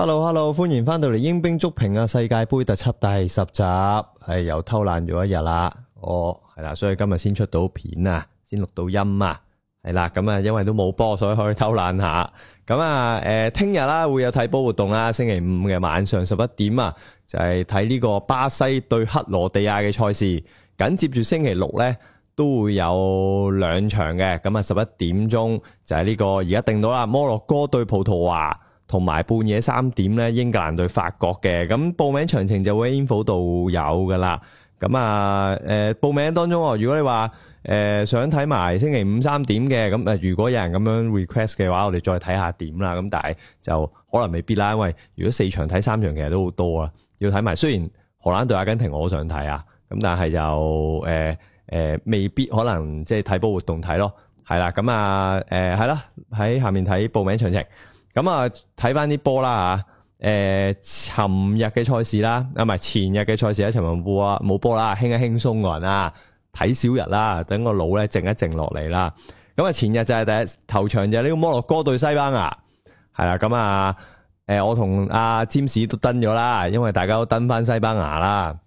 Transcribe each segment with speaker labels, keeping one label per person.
Speaker 1: hello hello，歡迎翻到嚟《鷹兵足評》啊，世界盃特輯第十集，係、哎、又偷懶咗一日啦，哦，係啦，所以今日先出到片啊，先錄到音啊，係啦，咁啊，因為都冇波，所以可以偷懶下。咁、嗯、啊，誒，聽日啦會有睇波活動啊，星期五嘅晚上十一點啊，就係睇呢個巴西對克羅地亞嘅賽事。緊接住星期六咧，都會有兩場嘅，咁、嗯、啊，十一點鐘就係呢、呢個，而家定到啦，摩洛哥對葡萄牙。同埋半夜三點咧，英格蘭對法國嘅。咁報名詳情就會喺 Info 度有噶啦。咁啊，誒、呃、報名當中，如果你話誒、呃、想睇埋星期五三點嘅咁，誒如果有人咁樣 request 嘅話，我哋再睇下點啦。咁但係就可能未必啦，因為如果四場睇三場，其實都好多啊，要睇埋。雖然荷蘭對阿根廷我，我好想睇啊，咁但係就誒誒未必可能即係睇波活動睇咯，係啦。咁啊誒係、呃、啦，喺下面睇報名詳情。咁啊，睇翻啲波啦吓，誒，尋日嘅賽事啦，啊，唔係前日嘅賽事，喺尋日冇波啊，冇波啦，輕一輕鬆個人啊，睇少日啦，等個腦咧靜一靜落嚟啦。咁啊，前日就係第一頭場就係呢個摩洛哥對西班牙，係啦，咁啊，誒，我同阿詹士都登咗啦，因為大家都登翻西班牙啦。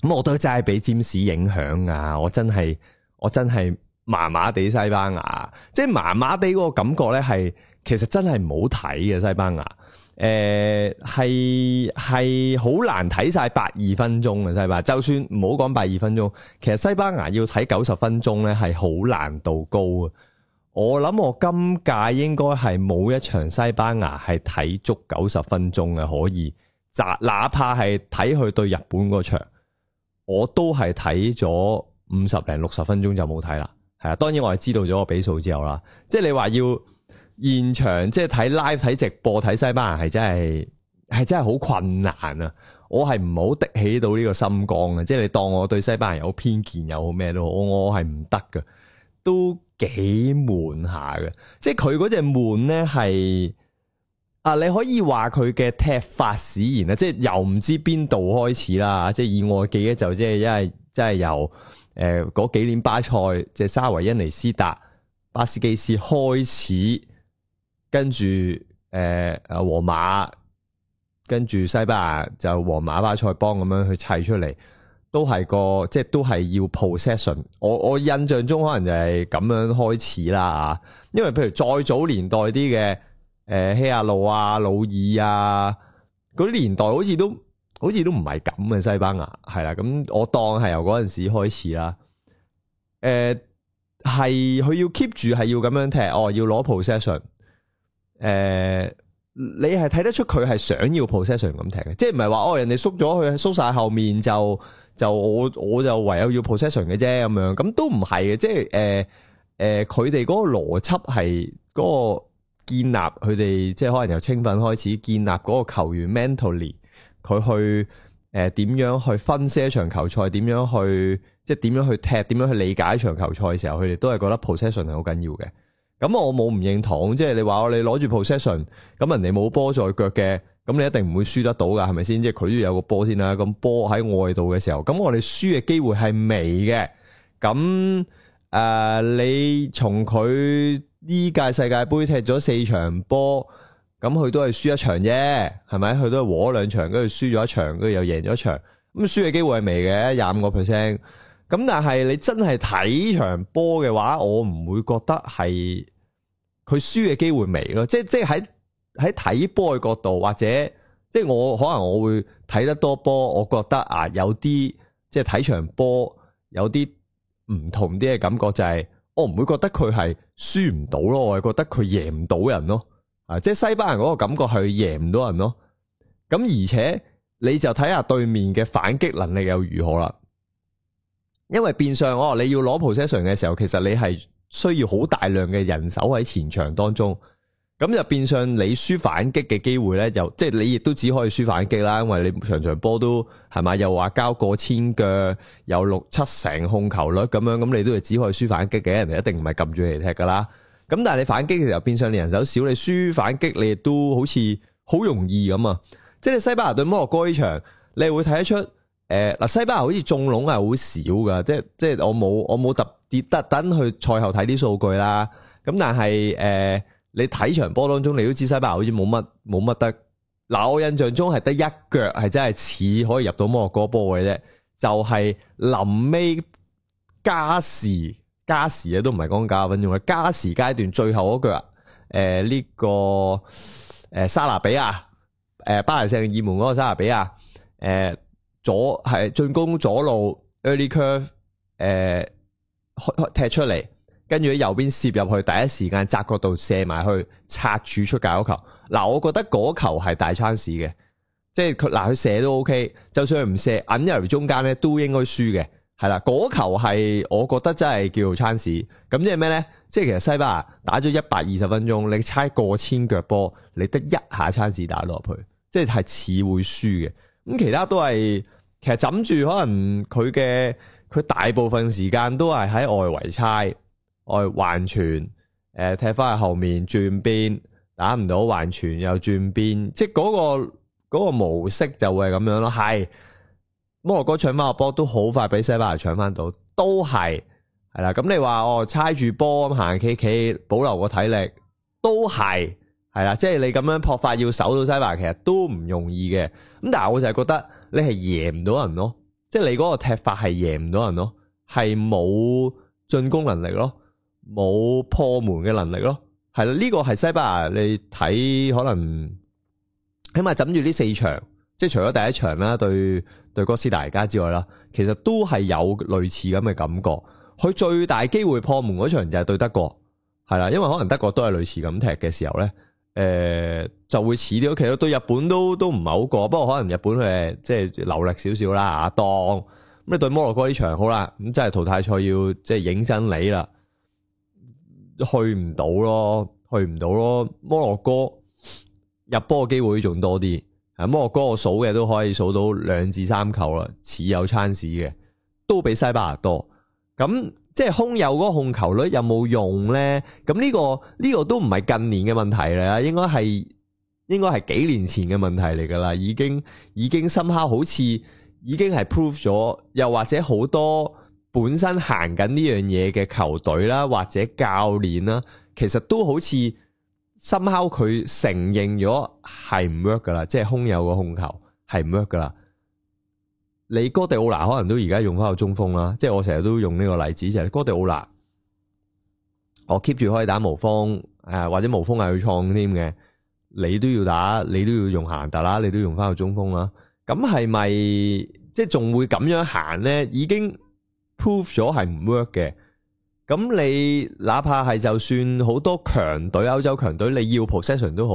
Speaker 1: 咁我都真係俾詹士影響啊，我真係我真係麻麻地西班牙，即係麻麻地嗰個感覺咧係。其實真係唔好睇嘅西班牙，誒係係好難睇晒八二分鐘嘅西班牙。就算唔好講八二分鐘，其實西班牙要睇九十分鐘呢係好難度高啊！我諗我今屆應該係冇一場西班牙係睇足九十分鐘嘅可以，就哪怕係睇佢對日本嗰場，我都係睇咗五十零六十分鐘就冇睇啦。係啊，當然我係知道咗個比數之後啦，即係你話要。現場即係睇 live 睇直播睇西班牙係真係係真係好困難啊！我係唔好的起到呢個心光啊。即係你當我對西班牙有偏見又好咩都好，我我係唔得嘅，都幾悶下嘅。即係佢嗰隻悶咧，係啊，你可以話佢嘅踢法使然啊，即係由唔知邊度開始啦，即係以我記憶就即係因為即係由誒嗰、呃、幾年巴塞即係沙維、恩尼斯達、巴斯基斯開始。跟住誒誒，皇、呃、馬跟住西班牙就皇馬巴塞邦咁樣去砌出嚟，都係個即係都係要 possession 我。我我印象中可能就係咁樣開始啦啊！因為譬如再早年代啲嘅誒希亞路啊、魯爾啊，嗰啲年代好似都好似都唔係咁嘅西班牙係啦。咁我當係由嗰陣時開始啦。誒、呃，係佢要 keep 住係要咁樣踢，哦要攞 possession。誒，uh, 你係睇得出佢係想要 possession 咁踢嘅，即係唔係話哦人哋縮咗去，縮晒後面就就我我就唯有要 possession 嘅啫咁樣，咁都唔係嘅，即係誒誒，佢哋嗰個邏輯係嗰個建立，佢哋即係可能由青訓開始建立嗰個球員 mentally，佢去誒點、uh, 樣去分析一場球賽，點樣去即係點樣去踢，點樣去理解一場球賽嘅時候，佢哋都係覺得 possession 係好緊要嘅。咁我冇唔認同，即係你話我你攞住 possession，咁人哋冇波在腳嘅，咁你一定唔會輸得到噶，係咪先？即係佢都要有個波先啦。咁波喺外度嘅時候，咁我哋輸嘅機會係微嘅。咁誒、呃，你從佢呢屆世界杯踢咗四場波，咁佢都係輸一場啫，係咪？佢都係和兩場，跟住輸咗一場，跟住又贏咗一場。咁輸嘅機會係微嘅，廿五個 percent。咁但係你真係睇場波嘅話，我唔會覺得係佢輸嘅機會微咯。即係即係喺喺睇波嘅角度，或者即係我可能我會睇得多波，我覺得啊有啲即係睇場波有啲唔同啲嘅感覺，就是，就係我唔會覺得佢係輸唔到咯，我係覺得佢贏唔到人咯。啊，即係西班牙嗰個感覺係贏唔到人咯。咁、啊、而且你就睇下對面嘅反擊能力又如何啦。因為變相我話、哦、你要攞 position 嘅時候，其實你係需要好大量嘅人手喺前場當中，咁就變相你輸反擊嘅機會呢，就即係你亦都只可以輸反擊啦，因為你場場波都係咪又話交過千腳，有六七成控球率咁樣，咁你都係只可以輸反擊嘅，人哋一定唔係撳住嚟踢噶啦。咁但係你反擊嘅時候，變相你人手少，你輸反擊你亦都好似好容易咁啊！即係西班牙對摩洛哥呢場，你會睇得出。誒，嗱，uh, 西班牙好似中籠係好少噶，即係即係我冇我冇特特登去賽後睇啲數據啦。咁但係誒，uh, 你睇場波當中，你都知西班牙好似冇乜冇乜得。嗱，我印象中係得一腳係真係似可以入到摩洛哥波嘅啫，就係、是、臨尾加時加時啊，都唔係講假運用嘅加時階段最後嗰腳。誒、呃、呢、這個誒、呃、沙拿比亞，誒、呃、巴黎聖日門嗰個沙拿比亞，誒、呃。左係進攻左路 Early Curve，誒、呃、踢出嚟，跟住喺右邊攝入去，第一時間窄角度射埋去，拆柱出界球。嗱、啊，我覺得嗰球係大餐屎嘅，即係佢嗱佢射都 ok，就算唔射，引入嚟中間咧都應該輸嘅，係啦。嗰球係我覺得真係叫做餐屎，咁即係咩咧？即係其實西班牙打咗一百二十分鐘，你猜過千腳波，你得一下餐屎打落去，即係似會輸嘅。咁其他都係，其實枕住可能佢嘅佢大部分時間都係喺外圍猜外圍傳，誒踢翻去後面轉邊打唔到圍傳又轉邊，即係嗰個嗰個模式就會係咁樣咯。係摩洛哥搶翻個波都好快俾西班牙搶翻到，都係係啦。咁你話哦，猜住波咁行企企保留個體力都係。係啦，即係你咁樣撲法要守到西班牙，其實都唔容易嘅。咁但係我就係覺得你係贏唔到人咯，即係你嗰個踢法係贏唔到人咯，係冇進攻能力咯，冇破門嘅能力咯。係啦，呢個係西班牙，你睇可能起碼枕住呢四場，即係除咗第一場啦，對對哥斯達黎加之外啦，其實都係有類似咁嘅感覺。佢最大機會破門嗰場就係對德國，係啦，因為可能德國都係類似咁踢嘅時候咧。誒、呃，就會似啲其實對日本都都唔係好過，不過可能日本誒即係流力少少啦吓，當咁你對摩洛哥呢場好啦，咁即係淘汰賽要即係影身你啦，去唔到咯，去唔到咯，摩洛哥入波嘅機會仲多啲，啊摩洛哥我數嘅都可以數到兩至三球啦，似有 c h 嘅，都比西班牙多咁。即係空有嗰個控球率有冇用咧？咁呢個呢個都唔係近年嘅問題啦，應該係應該係幾年前嘅問題嚟㗎啦，已經已經深刻，好似已經係 prove 咗，又或者好多本身行緊呢樣嘢嘅球隊啦，或者教練啦，其實都好似深刻佢承認咗係唔 work 㗎啦，即係空有個控球係唔 work 㗎啦。你哥迪奧拿可能都而家用翻個中鋒啦，即係我成日都用呢個例子就係、是、哥迪奧拿，我 keep 住可以打無鋒，誒、啊、或者無鋒係去創添嘅，你都要打，你都要用行特啦，你都用翻個中鋒啦，咁係咪即係仲會咁樣行咧？已經 prove 咗係唔 work 嘅，咁你哪怕係就算好多強隊、歐洲強隊，你要 possession 都好，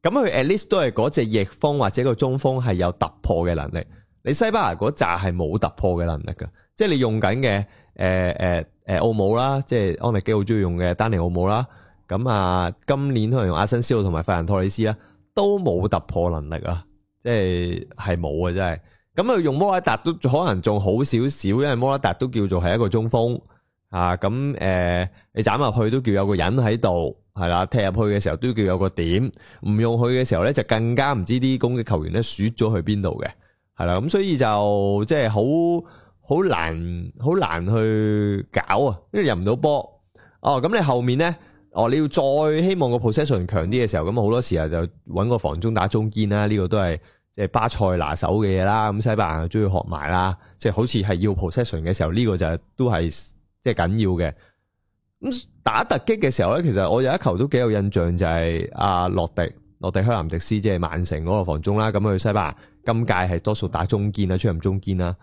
Speaker 1: 咁佢 at least 都係嗰隻逆鋒或者個中鋒係有突破嘅能力。你西班牙嗰扎係冇突破嘅能力噶，即係你用緊嘅誒誒誒奧姆啦，即係安歷基好鍾意用嘅丹尼奧姆啦，咁啊今年可能用阿辛斯奧同埋法蘭托里斯啦，都冇突破能力啊，即係係冇啊，真係。咁啊用摩拉達都可能仲好少少，因為摩拉達都叫做係一個中鋒啊，咁、啊、誒你斬入去都叫有個人喺度，係啦，踢入去嘅時候都叫有個點，唔用佢嘅時候咧就更加唔知啲攻擊球員咧輸咗去邊度嘅。係啦，咁所以就即係好好難、好難去搞啊！因為入唔到波哦，咁你後面呢，哦你要再希望個 possession 強啲嘅時候，咁好多時候就揾個防中打中堅啦。呢個都係即係巴塞拿手嘅嘢啦。咁西班牙中意學埋啦，即係好似係要 possession 嘅時候，呢個就都係即係緊要嘅。咁打突擊嘅時候呢，其實我有一球都幾有印象，就係阿洛迪、洛迪克南迪斯，即係曼城嗰個防中啦。咁去西班牙。今屆係多數打中堅啦，出入中堅啦，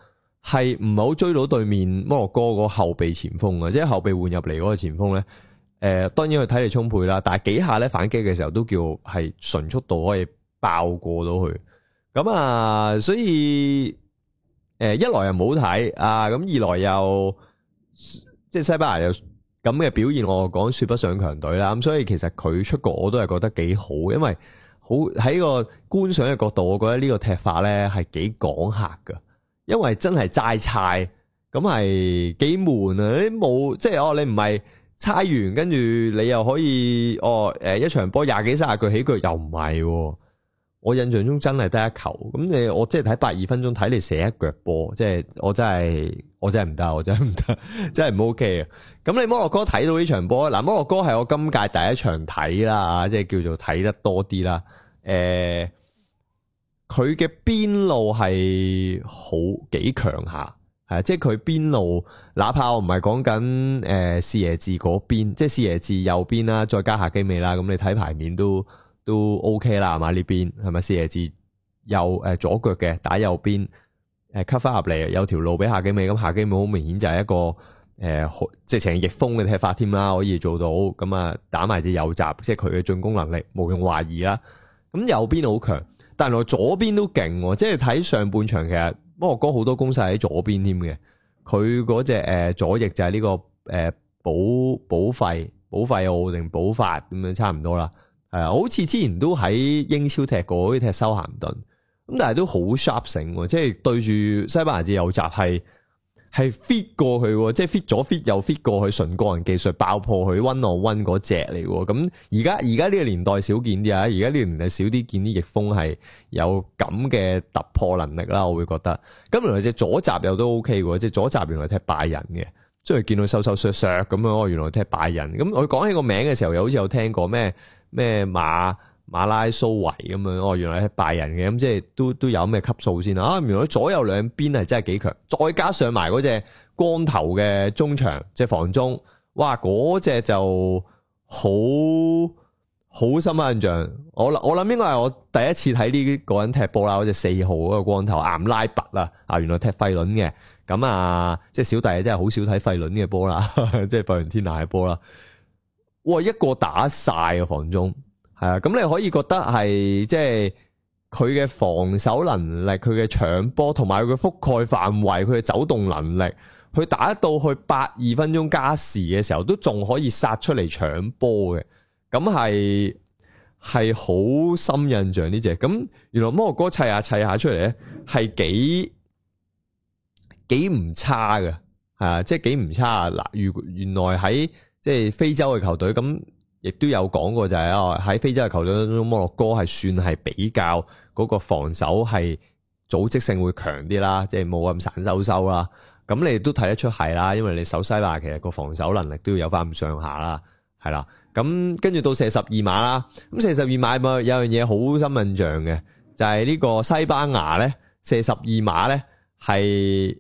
Speaker 1: 係唔好追到對面摩洛哥個後備前鋒啊？即係後備換入嚟嗰個前鋒咧，誒，當然佢體力充沛啦，但係幾下咧反擊嘅時候都叫係純速度可以爆過到去。咁啊，所以誒一來又唔好睇啊，咁二來又即係西班牙又咁嘅表現，我講說不上強隊啦。咁所以其實佢出局我都係覺得幾好，因為。好喺個觀賞嘅角度，我覺得呢個踢法咧係幾講客㗎，因為真係齋猜咁係幾悶啊！冇即係哦，你唔係猜完跟住你又可以哦誒一場波廿幾三十句起腳又唔係，啊。我印象中真係得一球，咁你我即係睇八二分鐘，睇你射一腳波，即係我真係我真係唔得，我真係唔得，真係唔 OK 啊！咁你摩洛哥睇到呢場波嗱，摩洛哥係我今屆第一場睇啦，吓即係叫做睇得多啲啦。誒、呃，佢嘅邊路係好幾強下，係即係佢邊路，哪怕我唔係講緊誒施耶治嗰邊，即係施耶治右邊啦，再加下基美啦，咁你睇牌面都。都 OK 啦，係嘛，呢邊係咪四字右誒、呃、左腳嘅打右邊誒 cut 翻入嚟，有條路俾夏基美，咁夏基美好明顯就係一個誒好即係呈逆風嘅踢法添啦，可以做到咁啊打埋隻右閘，即係佢嘅進攻能力毋用懷疑啦。咁右邊好強，但原來左邊都勁，即係睇上半場其實摩哥好多攻勢喺左邊添嘅，佢嗰隻誒、呃、左翼就係呢、這個誒補補費補費澳定補發咁樣差唔多啦。係啊，好似之前都喺英超踢過，好似踢修咸頓，咁但係都好 sharp 醒，即係對住西班牙隻右閘係係 fit 過去，即係 fit 左 fit 又 fit 過去，純個人技術爆破佢，run on run 嗰隻嚟，咁而家而家呢個年代少見啲啊，而家呢個年代少啲見啲逆風係有咁嘅突破能力啦，我會覺得。咁原來隻左閘又都 OK 嘅，即係左閘原來踢拜仁嘅，即係見到瘦瘦削削咁樣，我原來踢拜仁。咁我講起個名嘅時候，又好似有聽過咩？咩馬馬拉蘇維咁樣哦，原來係拜仁嘅，咁即係都都有咩級數先啦？啊，原來左右兩邊係真係幾強，再加上埋嗰隻光頭嘅中場，即係防中，哇，嗰隻就好好深刻印象。我我諗應該係我第一次睇呢個人踢波啦，嗰隻四號嗰個光頭岩拉拔啦，啊，原來踢費倫嘅，咁啊，即係小弟真係好少睇費倫嘅波啦， 即係費倫天拿嘅波啦。哇！一個打晒啊，防中。係啊，咁你可以覺得係即係佢嘅防守能力、佢嘅搶波同埋佢嘅覆蓋範圍、佢嘅走動能力，佢打到去八二分鐘加時嘅時候，都仲可以殺出嚟搶波嘅，咁係係好深印象呢隻。咁原來摩哥砌下砌下出嚟咧，係幾幾唔差噶，係啊，即係幾唔差啊。嗱，原原來喺。即係非洲嘅球隊，咁亦都有講過就係啊，喺非洲嘅球隊當中，摩洛哥係算係比較嗰個防守係組織性會強啲啦，即係冇咁散修修啦。咁你都睇得出係啦，因為你守西班牙其實個防守能力都要有翻咁上下啦，係啦。咁跟住到射十二碼啦，咁射十二碼有樣嘢好深印象嘅，就係呢個西班牙呢射十二碼呢係。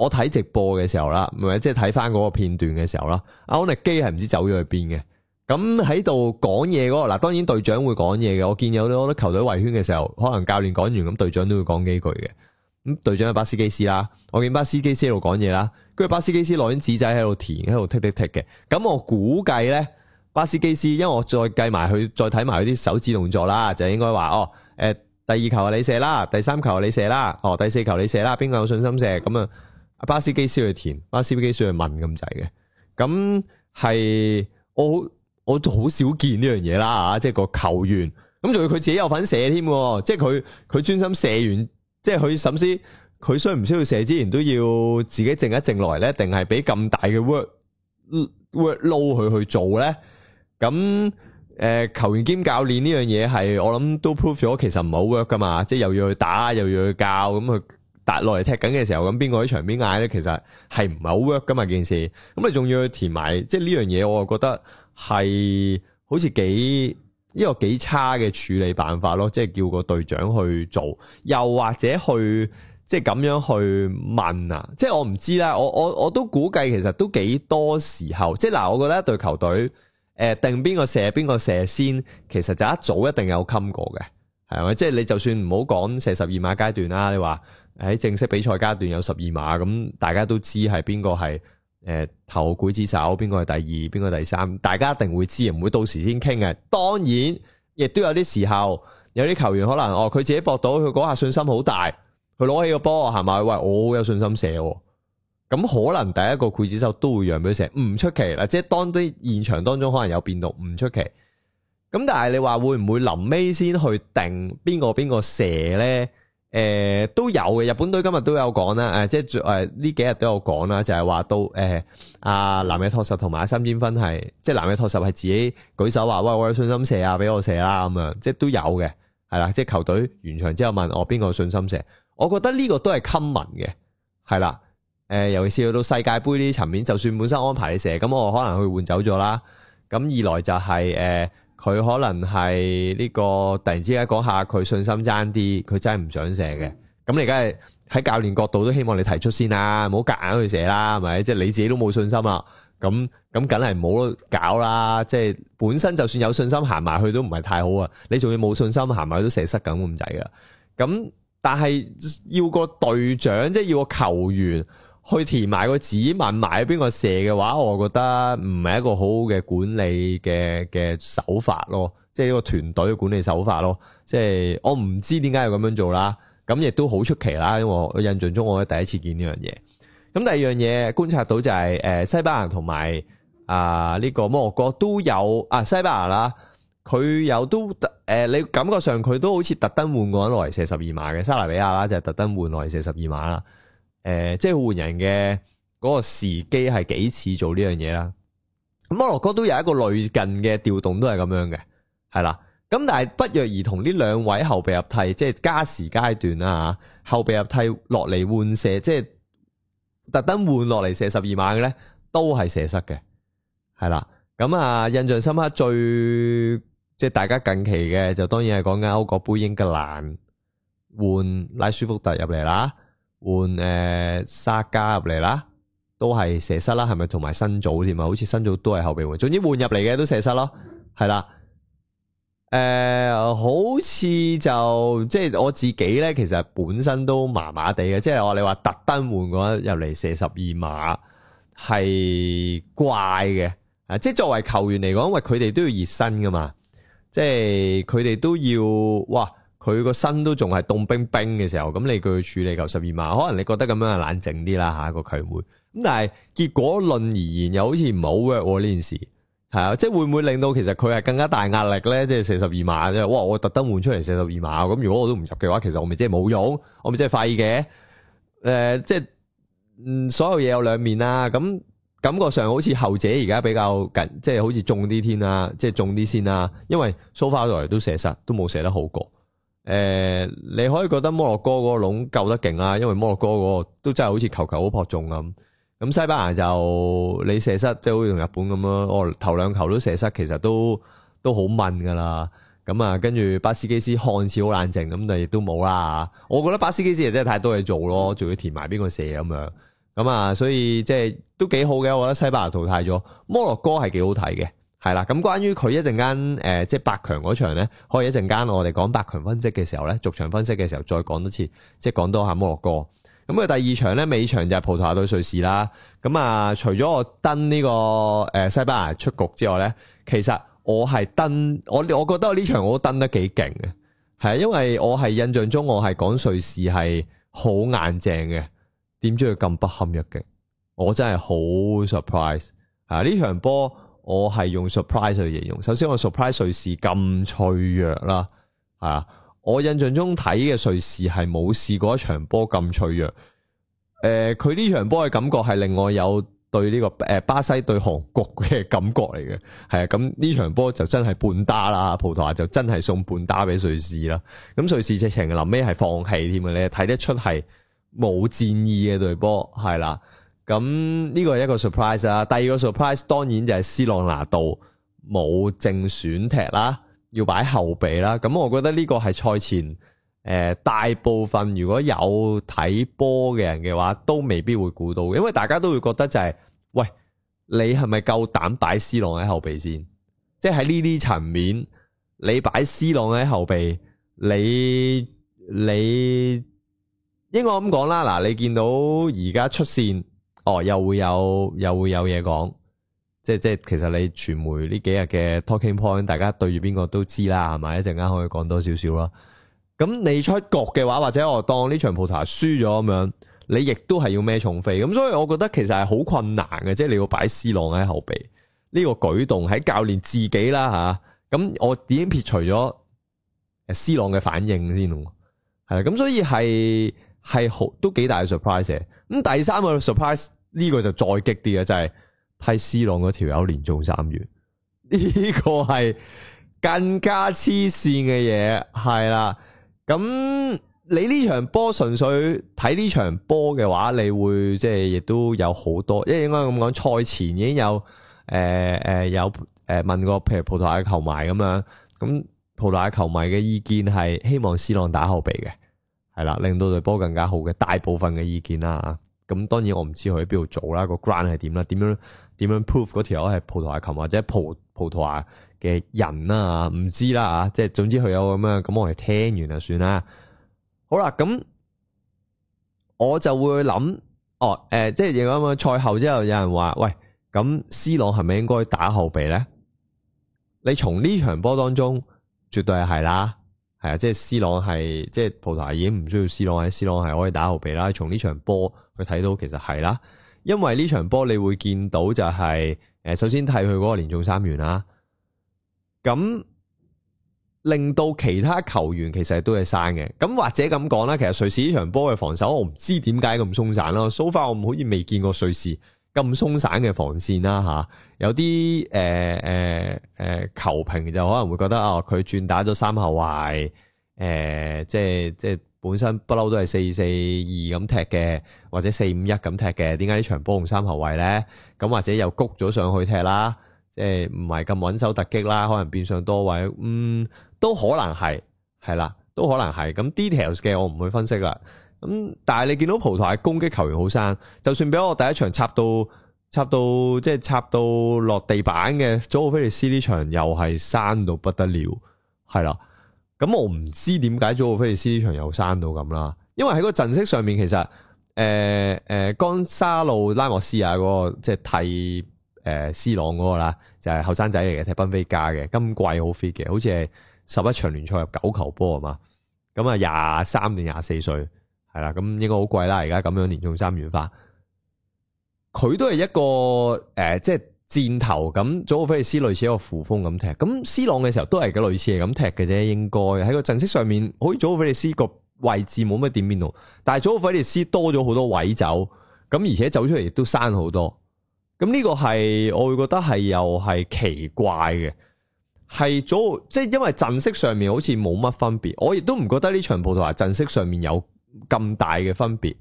Speaker 1: 我睇直播嘅時候啦，唔係即係睇翻嗰個片段嘅時候啦。阿安歷基係唔知走咗去邊嘅，咁喺度講嘢嗰個嗱，當然隊長會講嘢嘅。我見有好多球隊圍圈嘅時候，可能教練講完咁，隊長都會講幾句嘅。咁隊長係巴斯基斯啦，我見巴斯基斯喺度講嘢啦，跟住巴斯基斯攞緊紙仔喺度填，喺度剔剔剔嘅。咁我估計呢，巴斯基斯，因為我再計埋佢，再睇埋佢啲手指動作啦，就是、應該話哦，誒，第二球係你射啦，第三球係你射啦，哦，第四球你射啦，邊個有信心射咁啊？巴士機師去填，巴士機師去問咁滯嘅，咁係我我都好少見呢樣嘢啦啊！即係個球員，咁仲要佢自己有份寫添，即係佢佢專心寫完，即係佢嬸先，佢需唔需要寫之前都要自己靜一靜落嚟咧，定係俾咁大嘅 work work load 佢去做咧？咁誒，球員兼教練呢樣嘢係我諗都 prove 咗，其實唔好 work 噶嘛，即係又要去打，又要去教咁啊！但落嚟踢緊嘅時候，咁邊個喺場邊嗌呢？其實係唔係好 work 㗎嘛？件事，咁你仲要去填埋，即係呢樣嘢，我就覺得係好似幾一個幾差嘅處理辦法咯。即係叫個隊長去做，又或者去即係咁樣去問啊。即係我唔知啦，我我我都估計其實都幾多時候，即係嗱，我覺得一隊球隊誒、呃、定邊個射邊個射先，其實就一早一定有諗過嘅，係咪？即係你就算唔好講射十二碼階段啦，你話。喺正式比賽階段有十二碼，咁大家都知係邊個係誒頭劊子手，邊個係第二，邊個第三，大家一定會知，唔會到時先傾嘅。當然，亦都有啲時候，有啲球員可能哦，佢自己搏到，佢嗰下信心好大，佢攞起個波係咪？喂，我好有信心射，哦，咁可能第一個劊子手都會讓俾佢射，唔出奇啦。即係當啲現場當中可能有變動，唔出奇。咁但係你話會唔會臨尾先去定邊個邊個射呢？誒、呃，都有嘅。日本隊今日都有講啦，誒、呃，即係誒呢幾日都有講啦，就係話到誒，阿、呃啊、南野拓實同埋阿森千分係，即係南野拓實係自己舉手話，喂，我有信心射啊，俾我射啦，咁樣，即係都有嘅，係啦，即係球隊完場之後問我邊個有信心射，我覺得呢個都係 common 嘅，係啦，誒、呃，尤其是去到世界杯呢啲層面，就算本身安排你射，咁我可能去換走咗啦，咁二來就係、是、誒。呃佢可能係呢個突然之間講下佢信心差啲，佢真係唔想射嘅。咁你梗係喺教練角度都希望你提出先啦，唔好夾硬去射啦，係咪？即係你自己都冇信心啊。咁咁梗係唔好搞啦。即係本身就算有信心行埋去都唔係太好啊。你仲要冇信心行埋去都射失緊咁滯噶。咁但係要個隊長，即係要個球員。去填埋個紙，問埋邊個射嘅話，我覺得唔係一個好好嘅管理嘅嘅手法咯，即係一個團隊嘅管理手法咯。即係我唔知點解要咁樣做啦，咁亦都好出奇啦，因為我印象中我第一次見呢樣嘢。咁第二樣嘢觀察到就係、是、誒、呃、西班牙同埋啊呢個摩洛哥都有啊西班牙啦，佢有都誒、呃、你感覺上佢都好似特登換個人嚟射十二碼嘅，莎拉比亞啦就係特登換嚟射十二碼啦。就是誒、呃，即係換人嘅嗰個時機係幾次做呢樣嘢啦？摩洛哥都有一個類近嘅調動都，都係咁樣嘅，係啦。咁但係不約而同呢兩位後備入替，即係加時階段啦、啊、吓，後備入替落嚟換射，即係特登換落嚟射十二碼嘅呢，都係射失嘅，係啦。咁、嗯、啊，印象深刻最即係大家近期嘅就當然係講緊歐國盃英格蘭換拉舒福特入嚟啦。換誒、呃、沙加入嚟啦，都係射失啦，係咪？同埋新祖添啊，好似新祖都係後備換，總之換入嚟嘅都射失咯，係啦。誒、呃，好似就即係我自己咧，其實本身都麻麻地嘅，即係我哋話特登換嘅入嚟射十二碼係怪嘅！啊，即係作為球員嚟講，因為佢哋都要熱身㗎嘛，即係佢哋都要哇，佢個身都仲係凍冰冰嘅時候，咁你佢去處理嚿十二碼，可能你覺得咁樣係冷靜啲啦，嚇個契妹咁，但係結果論而言，又好似唔好 work 呢件事係啊，即係會唔會令到其實佢係更加大壓力咧？即係射十二碼即係哇，我特登換出嚟射十二碼，咁如果我都唔入嘅話，其實我咪即係冇用，我咪即係廢嘅誒、呃？即係嗯，所有嘢有兩面啦。咁、嗯、感覺上好似後者而家比較緊，即係好似重啲添啊，即係重啲先啦、啊，因為 so far 都射失，都冇射得好過。誒、呃，你可以覺得摩洛哥嗰個籠救得勁啊，因為摩洛哥嗰個都真係好似球球好撲中咁。咁西班牙就你射失，即係好似同日本咁樣。我、哦、頭兩球都射失，其實都都好悶噶啦。咁、嗯、啊，跟住巴斯基斯看似好冷靜，咁、嗯、但亦都冇啦。我覺得巴斯基斯又真係太多嘢做咯，仲要填埋邊個射咁樣。咁、嗯、啊、嗯，所以即係都幾好嘅。我覺得西班牙淘汰咗摩洛哥係幾好睇嘅。係啦，咁關於佢一陣間，誒、呃，即係八強嗰場呢，可以一陣間我哋講八強分析嘅時候呢，逐場分析嘅時候再講多次，即係講多下摩洛哥。咁佢第二場呢，尾場就係葡萄牙對瑞士啦。咁啊，除咗我登呢、這個誒、呃、西班牙出局之外呢，其實我係登我我覺得呢場我都登得幾勁嘅，係啊，因為我係印象中我係講瑞士係好硬淨嘅，點知佢咁不堪一擊，我真係好 surprise 啊！呢場波。我係用 surprise 去形容。首先，我 surprise 瑞士咁脆弱啦，係啊。我印象中睇嘅瑞士係冇試過一場波咁脆弱。誒，佢呢場波嘅感覺係令我有對呢個誒巴西對韓國嘅感覺嚟嘅。係啊，咁呢場波就真係半打啦。葡萄牙就真係送半打俾瑞士啦。咁瑞士直情臨尾係放棄添嘅咧，你睇得出係冇戰意嘅對波，係啦。咁呢個係一個 surprise 啦，啊。第二個 surprise 當然就係 C 朗拿度冇正選踢啦，要擺後備啦。咁我覺得呢個係賽前誒，呃，大部分如果有睇波嘅人嘅話，都未必會估到嘅。因為大家都會覺得就係、是，喂，你係咪夠膽擺 C 朗喺後備先？即係喺呢啲層面，你擺 C 朗喺後備，你你應該咁講啦。嗱，你見到而家出線。哦、又會有又會有嘢講，即即其實你傳媒呢幾日嘅 talking point，大家對住邊個都知啦，係咪？一陣間可以講多少少啦。咁你出局嘅話，或者我當呢場葡萄牙輸咗咁樣，你亦都係要孭重飛。咁所以我覺得其實係好困難嘅，即係你要擺 C 朗喺後備呢、呢個舉動喺教練自己啦嚇。咁、啊、我已經撇除咗 C 朗嘅反應先，係啦。咁所以係係好都幾大嘅 surprise。咁第三個 surprise。呢個就再激啲嘅，就係睇 C 朗嗰條友連中三元，呢 個係更加黐線嘅嘢，係啦。咁你呢場波純粹睇呢場波嘅話，你會即係亦都有好多，因為應該咁講，賽前已經有誒誒有誒問過，譬如葡萄牙嘅球迷咁樣，咁葡萄牙球迷嘅意見係希望 C 朗打後備嘅，係啦，令到隊波更加好嘅，大部分嘅意見啦。咁當然我唔知佢喺邊度做啦，個 grant 係點啦，點樣點樣 prove 嗰條友係葡萄牙琴或者葡葡萄牙嘅人、啊、啦唔知啦嚇，即係總之佢有咁樣，咁我哋聽完就算啦。好啦，咁我就會諗，哦，誒、呃，即係而咁嘛賽後之後有人話，喂，咁 C 朗係咪應該打後備呢？你從呢場波當中絕對係啦，係啊，即係 C 朗係即係葡萄牙已經唔需要 C 朗，喺，C 朗係可以打後備啦。從呢場波。佢睇到其實係啦，因為呢場波你會見到就係、是、誒，首先睇佢嗰個連中三元啦，咁令到其他球員其實都係生嘅。咁或者咁講啦，其實瑞士呢場波嘅防守，我唔知點解咁鬆散咯。So far 我唔好似未見過瑞士咁鬆散嘅防線啦吓，有啲誒誒誒球評就可能會覺得啊，佢、呃、轉打咗三後衛誒、呃，即係即係。本身不嬲都係四四二咁踢嘅，或者四五一咁踢嘅，點解呢場波用三後衞呢？咁或者又谷咗上去踢啦，即係唔係咁穩守突擊啦？可能變相多位，嗯，都可能係，係啦，都可能係。咁 details 嘅我唔會分析啦。咁但係你見到葡萄牙攻擊球員好生，就算俾我第一場插到插到，插到即係插到落地板嘅，祖奧菲利斯呢場又係生到不得了，係啦。咁我唔知點解祖奧菲利斯呢場又生到咁啦，因為喺個陣式上面，其實誒誒，江，呃呃、沙路拉莫斯啊嗰，嗰個即係替誒 C 朗嗰個啦，就係後生仔嚟嘅，踢賓菲加嘅，今季好 fit 嘅，好似係十一場聯賽入九球波啊嘛？咁啊廿三定廿四歲，係啦，咁應該好貴啦，而家咁樣連中三元化，佢都係一個誒即係。呃就是箭頭咁，祖奧菲利斯類似一個扶風咁踢，咁 C 朗嘅時候都係嘅類似係咁踢嘅啫，應該喺個陣式上面，好似祖奧菲利斯個位置冇乜點變動，但係祖奧菲利斯多咗好多位走，咁而且走出嚟亦都生好多，咁呢個係我會覺得係又係奇怪嘅，係祖即係、就是、因為陣式上面好似冇乜分別，我亦都唔覺得呢場葡萄牙陣式上面有咁大嘅分別，誒、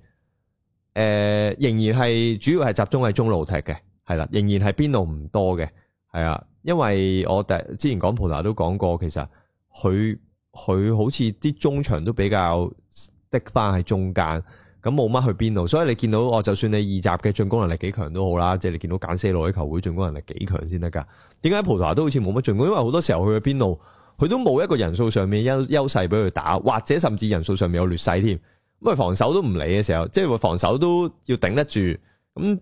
Speaker 1: 呃，仍然係主要係集中喺中路踢嘅。係啦，仍然係邊路唔多嘅，係啊，因為我第之前講葡萄牙都講過，其實佢佢好似啲中場都比較的翻喺中間，咁冇乜去邊路。所以你見到我，就算你二集嘅進攻能力幾強都好啦，即係你見到簡斯路嘅球會進攻能力幾強先得噶，點解葡萄牙都好似冇乜進攻？因為好多時候去咗邊路，佢都冇一個人數上面優優勢俾佢打，或者甚至人數上面有劣勢添，咁啊防守都唔理嘅時候，即係話防守都要頂得住咁。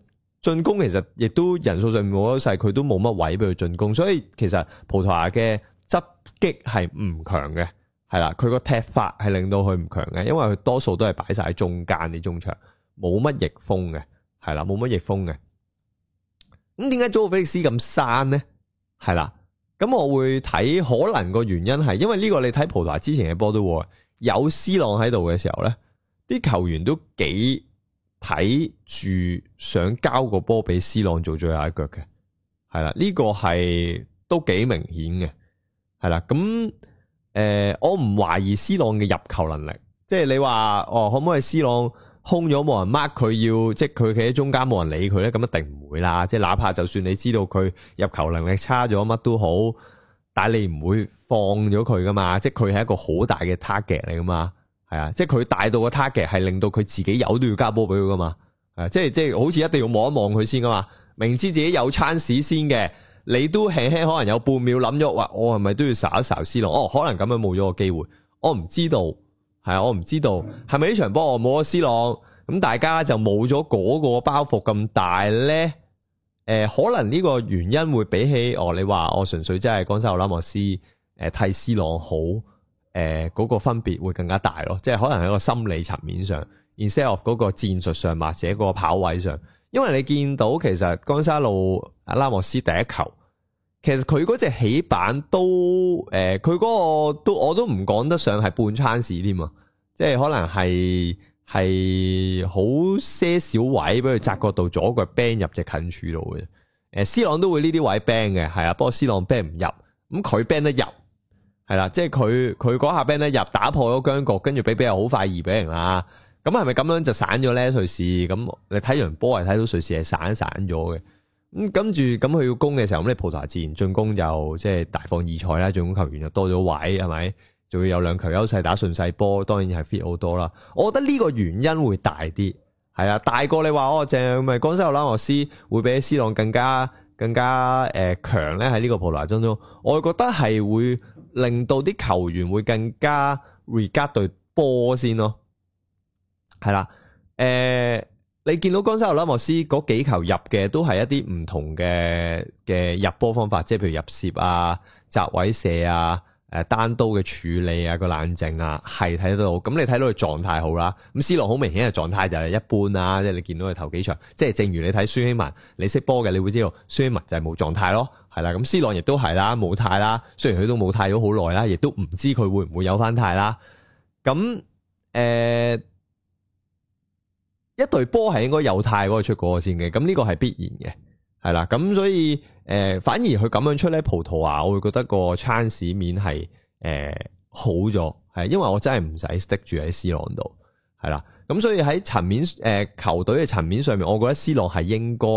Speaker 1: 進攻其實亦都人數上面冇優勢，佢都冇乜位俾佢進攻，所以其實葡萄牙嘅襲擊係唔強嘅，係啦，佢個踢法係令到佢唔強嘅，因為佢多數都係擺晒喺中間啲中場，冇乜逆風嘅，係啦，冇乜逆風嘅。咁點解祖奧菲利斯咁嘥咧？係啦，咁我會睇可能個原因係，因為呢個你睇葡萄牙之前嘅波都，有 C 朗喺度嘅時候咧，啲球員都幾。睇住想交個波俾 C 朗做最後一腳嘅，係啦，呢個係都幾明顯嘅，係啦。咁誒、呃，我唔懷疑 C 朗嘅入球能力，即係你話哦，可唔可以 C 朗空咗冇人 mark 佢要，即係佢企喺中間冇人理佢咧，咁一定唔會啦。即係哪怕就算你知道佢入球能力差咗乜都好，但係你唔會放咗佢噶嘛，即係佢係一個好大嘅 target 嚟噶嘛。係啊，即係佢帶到個 target 係令到佢自己有都要加波俾佢噶嘛，係、啊、即係即係好似一定要望一望佢先噶嘛，明知自己有餐屎先嘅，你都輕輕可能有半秒諗咗，喂，我係咪都要睄一睄 C 朗？哦，可能咁樣冇咗個機會，我唔知道，係啊，我唔知道係咪呢場波我冇咗 C 朗，咁大家就冇咗嗰個包袱咁大咧？誒、呃，可能呢個原因會比起哦，你話我純粹真係講晒我納莫斯誒替 C 朗好。誒嗰、呃那個分別會更加大咯，即係可能喺個心理層面上，instead of 嗰個戰術上或者嗰個跑位上，因為你見到其實江沙路阿拉莫斯第一球，其實佢嗰隻起板都誒，佢、呃、嗰個都我都唔講得上係半餐事添啊，即係可能係係好些少位，俾佢側角度左腳 band 入隻近柱度嘅，誒 C 朗都會呢啲位 band 嘅，係啊，斯不過 C 朗 band 唔入，咁佢 band 得入。係啦，即係佢佢嗰下 band 咧入打破咗僵局，跟住比比又好快二比零啦。咁係咪咁樣就散咗咧？瑞士咁、嗯、你睇完波係睇到瑞士係散散咗嘅。咁跟住咁佢要攻嘅時候，咁你葡萄牙自然進攻就即係大放異彩啦。進攻球員就多咗位係咪？仲要有兩球優勢打順勢波，當然係 fit 好多啦。我覺得呢個原因會大啲，係啊，大過你話哦，正，咪江西後拉俄斯會比斯朗更加更加誒強咧。喺、呃、呢個葡萄牙當中，中，我覺得係會。令到啲球員會更加 regard 對波先咯，係啦，誒、呃，你見到江西拉莫斯嗰幾球入嘅都係一啲唔同嘅嘅入波方法，即係譬如入攝啊、窄位射啊、誒單刀嘅處理啊、個冷靜啊，係睇得到。咁你睇到佢狀態好啦，咁 C 朗好明顯嘅狀態就係一般啦、啊，即係你見到佢頭幾場，即係正如你睇孫興慜，你識波嘅，你會知道孫興慜就係冇狀態咯。係啦，咁 C 朗亦都係啦，冇太啦。雖然佢都冇太咗好耐啦，亦都唔知佢會唔會有翻太啦。咁誒，一隊波係應該有太嗰個出過先嘅。咁呢個係必然嘅，係啦。咁所以誒、呃，反而佢咁樣出咧，葡萄牙我會覺得個餐市面係誒、呃、好咗，係因為我真係唔使 stick 住喺 C 朗度，係啦。咁所以喺層面誒、呃、球隊嘅層面上面，我覺得 C 朗係應該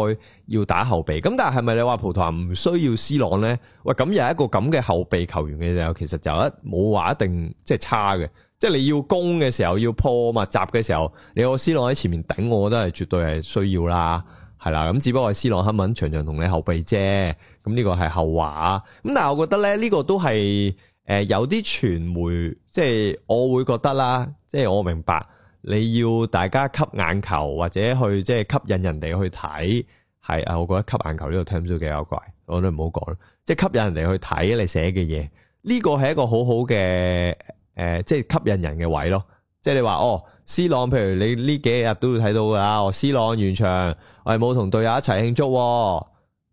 Speaker 1: 要打後備。咁但係係咪你話葡萄牙唔需要 C 朗呢？喂，咁又一個咁嘅後備球員嘅時候，其實就一冇話一定即係差嘅。即係你要攻嘅時候要破啊嘛，集嘅時候你個 C 朗喺前面頂，我覺得係絕對係需要啦，係啦。咁只不過係 C 朗黑文常常同你後備啫。咁呢個係後話。咁但係我覺得咧，呢、這個都係誒、呃、有啲傳媒，即、就、係、是、我會覺得啦，即、就、係、是、我明白。你要大家吸眼球或者去即係吸引人哋去睇，係啊，我覺得吸眼球呢個 terms 都幾古怪，我都唔好講。即係吸引人哋去睇你寫嘅嘢，呢、這個係一個好好嘅誒，即係吸引人嘅位咯。即係你話哦，C 朗，譬如你呢幾日都會睇到噶哦，C 朗完場，我係冇同隊友一齊慶祝、哦，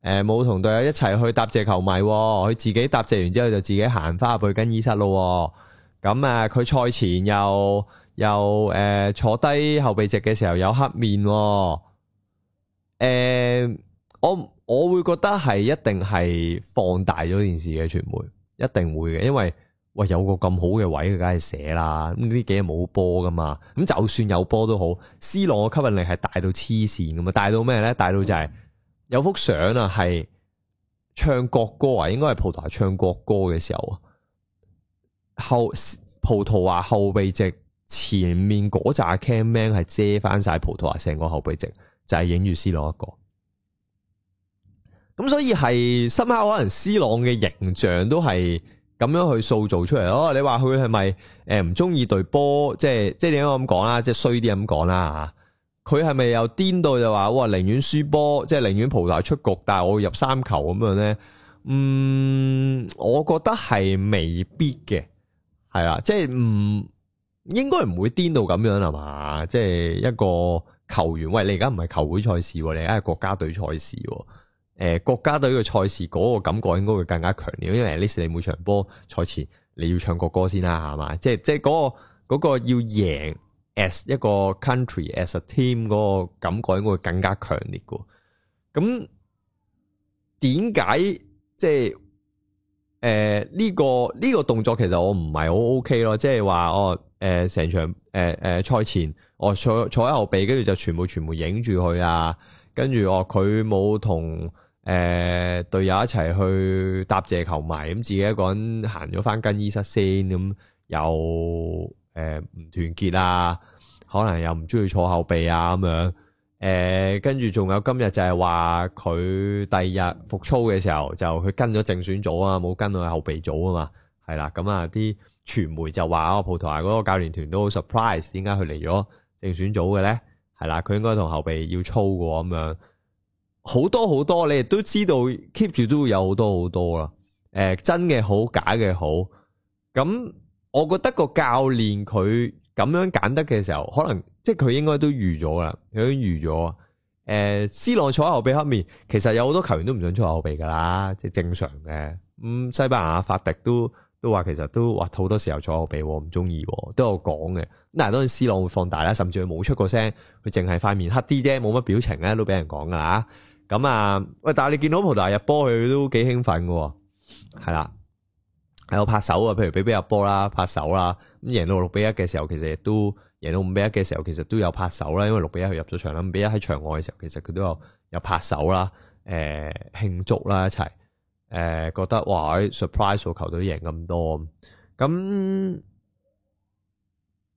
Speaker 1: 誒冇同隊友一齊去答謝球迷、哦，佢自己答謝完之後就自己行翻去更衣室咯、哦。咁、嗯、啊，佢賽前又。又誒、呃、坐低後備席嘅時候有黑面喎、哦呃，我我會覺得係一定係放大咗呢件事嘅傳媒，一定會嘅，因為喂有個咁好嘅位，佢梗係寫啦。咁呢幾日冇波噶嘛，咁就算有波都好，C 朗嘅吸引力係大到黐線噶嘛，大到咩咧？大到就係、是、有幅相啊，係唱國歌啊，應該係葡萄牙唱國歌嘅時候啊，後葡萄牙後備席。前面嗰扎 camman 係遮翻晒葡萄牙成個後備席，就係影住 C 朗一個。咁所以係深刻，可能 C 朗嘅形象都係咁樣去塑造出嚟咯、哦。你話佢係咪誒唔中意隊波？即係即係點解我咁講啦？即係衰啲咁講啦吓。佢係咪又癲到就話哇寧願輸波，即係寧願葡萄牙出局，但係我入三球咁樣咧？嗯，我覺得係未必嘅，係啦，即係唔。應該唔會顛到咁樣係嘛？即係、就是、一個球員，喂，你而家唔係球會賽事，你而家係國家隊賽事喎。誒、呃，國家隊嘅賽事嗰個感覺應該會更加強烈，因為 at least 你每場波賽前你要唱國歌先啦，係嘛？即係即係嗰個要贏 as 一個 country as a team 嗰個感覺應該會更加強烈嘅。咁點解即係？誒，呢、呃這個呢、這個動作其實我唔係好 OK 咯，即係話哦，誒、呃，成場誒誒，賽、呃呃、前哦坐坐後備，跟住就全部全部影住佢啊，我跟住哦，佢冇同誒隊友一齊去答謝球迷，咁自己一個人行咗翻更衣室先，咁又誒唔團結啊，可能又唔中意坐後備啊，咁樣。誒，跟住仲有今日就係話佢第二日復操嘅時候，就佢跟咗正選組啊，冇跟到後備組啊嘛，係啦，咁啊啲傳媒就話啊，葡萄牙嗰個教練團都好 surprise，點解佢嚟咗正選組嘅咧？係啦，佢應該同後備要操過，咁樣，好多好多，你亦都知道 keep 住都會有好多好多啦。誒、呃，真嘅好，假嘅好，咁我覺得個教練佢。咁樣揀得嘅時候，可能即係佢應該都預咗噶啦，佢都預咗。誒，C 朗坐喺後備黑面，其實有好多球員都唔想坐喺後備噶啦，即係正常嘅。咁西班牙法迪都都話，其實都話好多時候坐喺後備，唔中意，都有講嘅。但係嗰陣 C 朗會放大啦，甚至佢冇出個聲，佢淨係塊面黑啲啫，冇乜表情咧，都俾人講噶啦。咁啊，喂，但係你見到葡萄牙入波，佢都幾興奮，係啦。係有拍手啊，譬如比比入波啦，拍手啦。咁贏到六比一嘅時候，其實亦都贏到五比一嘅時候，其實都有拍手啦。因為六比一佢入咗場啦，五比一喺場外嘅時候，其實佢都有有拍手啦。誒、呃，慶祝啦一齊。誒、呃，覺得哇，surprise 個球隊贏咁多。咁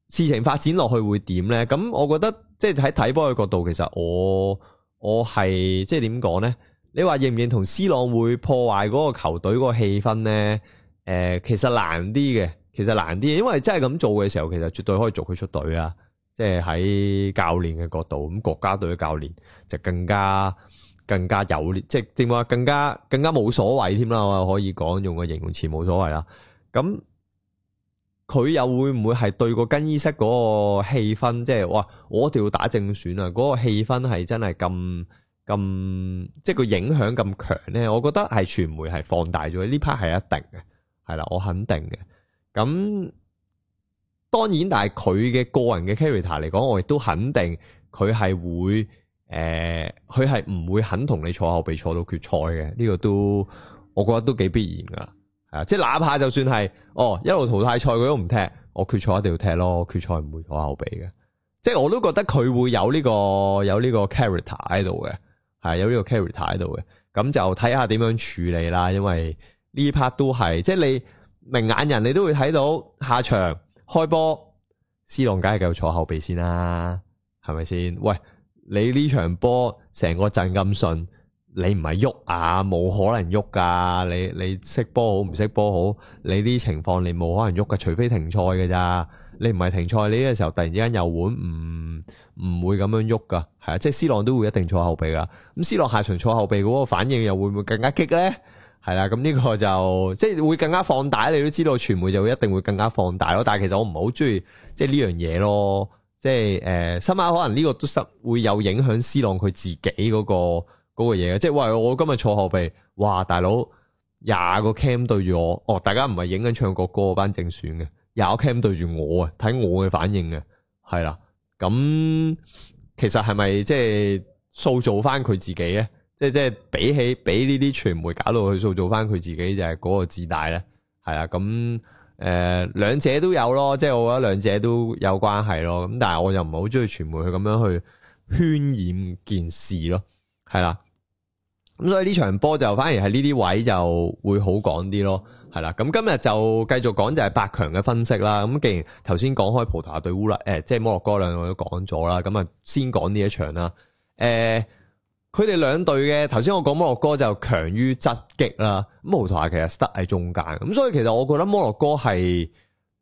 Speaker 1: 事情發展落去會點呢？咁我覺得即係喺睇波嘅角度，其實我我係即係點講呢？你話認唔認同 C 朗會破壞嗰個球隊嗰個氣氛呢？誒，其實難啲嘅，其實難啲，因為真係咁做嘅時候，其實絕對可以逐佢出隊啊！即係喺教練嘅角度，咁國家隊嘅教練就更加更加有，即係點講啊？更加更加冇所謂添啦，我可以講用個形容詞冇所謂啦。咁佢又會唔會係對個更衣室嗰個氣氛，即係哇，我哋要打正選啊！嗰個氣氛係真係咁咁，即係個影響咁強呢？我覺得係傳媒係放大咗呢 part，係一定嘅。係啦，我肯定嘅。咁當然，但係佢嘅個人嘅 character 嚟講，我亦都肯定佢係會誒，佢係唔會肯同你坐後備坐到決賽嘅。呢個都我覺得都幾必然噶。係啊，即係哪怕就算係哦一路淘汰賽佢都唔踢，我決賽一定要踢咯。決賽唔會坐後備嘅。即係我都覺得佢會有呢個有呢個 character 喺度嘅，係有呢個 character 喺度嘅。咁就睇下點樣處理啦，因為。呢 part 都係，即係你明眼人，你都會睇到下場開波， C 朗梗係繼續坐後備先啦、啊，係咪先？喂，你呢場波成個陣咁順，你唔係喐啊，冇可能喐噶、啊。你你識波好唔識波好，你呢情況你冇可能喐噶、啊，除非停賽噶咋。你唔係停賽，你呢個時候突然之間又碗，唔唔會咁樣喐噶。係啊，即係 C 朗都會一定坐後備噶。咁 C 朗下場坐後備嗰、那個反應又會唔會更加激呢？係啦，咁呢個就即係會更加放大，你都知道傳媒就會一定會更加放大咯。但係其實我唔係好中意即係呢樣嘢咯，即係誒，呃、起碼可能呢個都實會有影響思朗佢自己嗰個嗰個嘢嘅，即係喂，我今日坐後備，哇大佬廿個 cam 對住我，哦大家唔係影緊唱國歌嗰班正選嘅，廿個 cam 對住我啊，睇我嘅反應嘅，係啦，咁其實係咪即係塑造翻佢自己咧？即係即係比起比呢啲傳媒搞到去塑造翻佢自己就係嗰個自大咧，係啦，咁誒兩者都有咯，即係我覺得兩者都有關係咯。咁但係我又唔係好中意傳媒去咁樣去渲染件事咯，係啦。咁所以呢場波就反而係呢啲位就會好講啲咯，係啦。咁今日就繼續講就係八強嘅分析啦。咁既然頭先講開葡萄牙對烏拉誒、欸，即係摩洛哥兩個都講咗啦，咁啊先講呢一場啦，誒、欸。佢哋兩隊嘅，頭先我講摩洛哥就強於側擊啦，咁葡萄牙其實 stuck 喺中間，咁所以其實我覺得摩洛哥係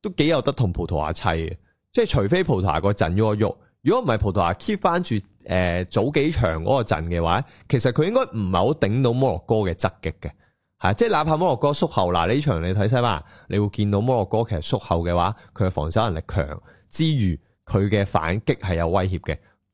Speaker 1: 都幾有得同葡萄牙砌嘅，即係除非葡萄牙個陣喐一喐，如果唔係葡萄牙 keep 翻住誒早幾場嗰個陣嘅話，其實佢應該唔係好頂到摩洛哥嘅側擊嘅，係，即係哪怕摩洛哥縮後，嗱呢場你睇西班牙，你會見到摩洛哥其實縮後嘅話，佢嘅防守能力強之餘，佢嘅反擊係有威脅嘅。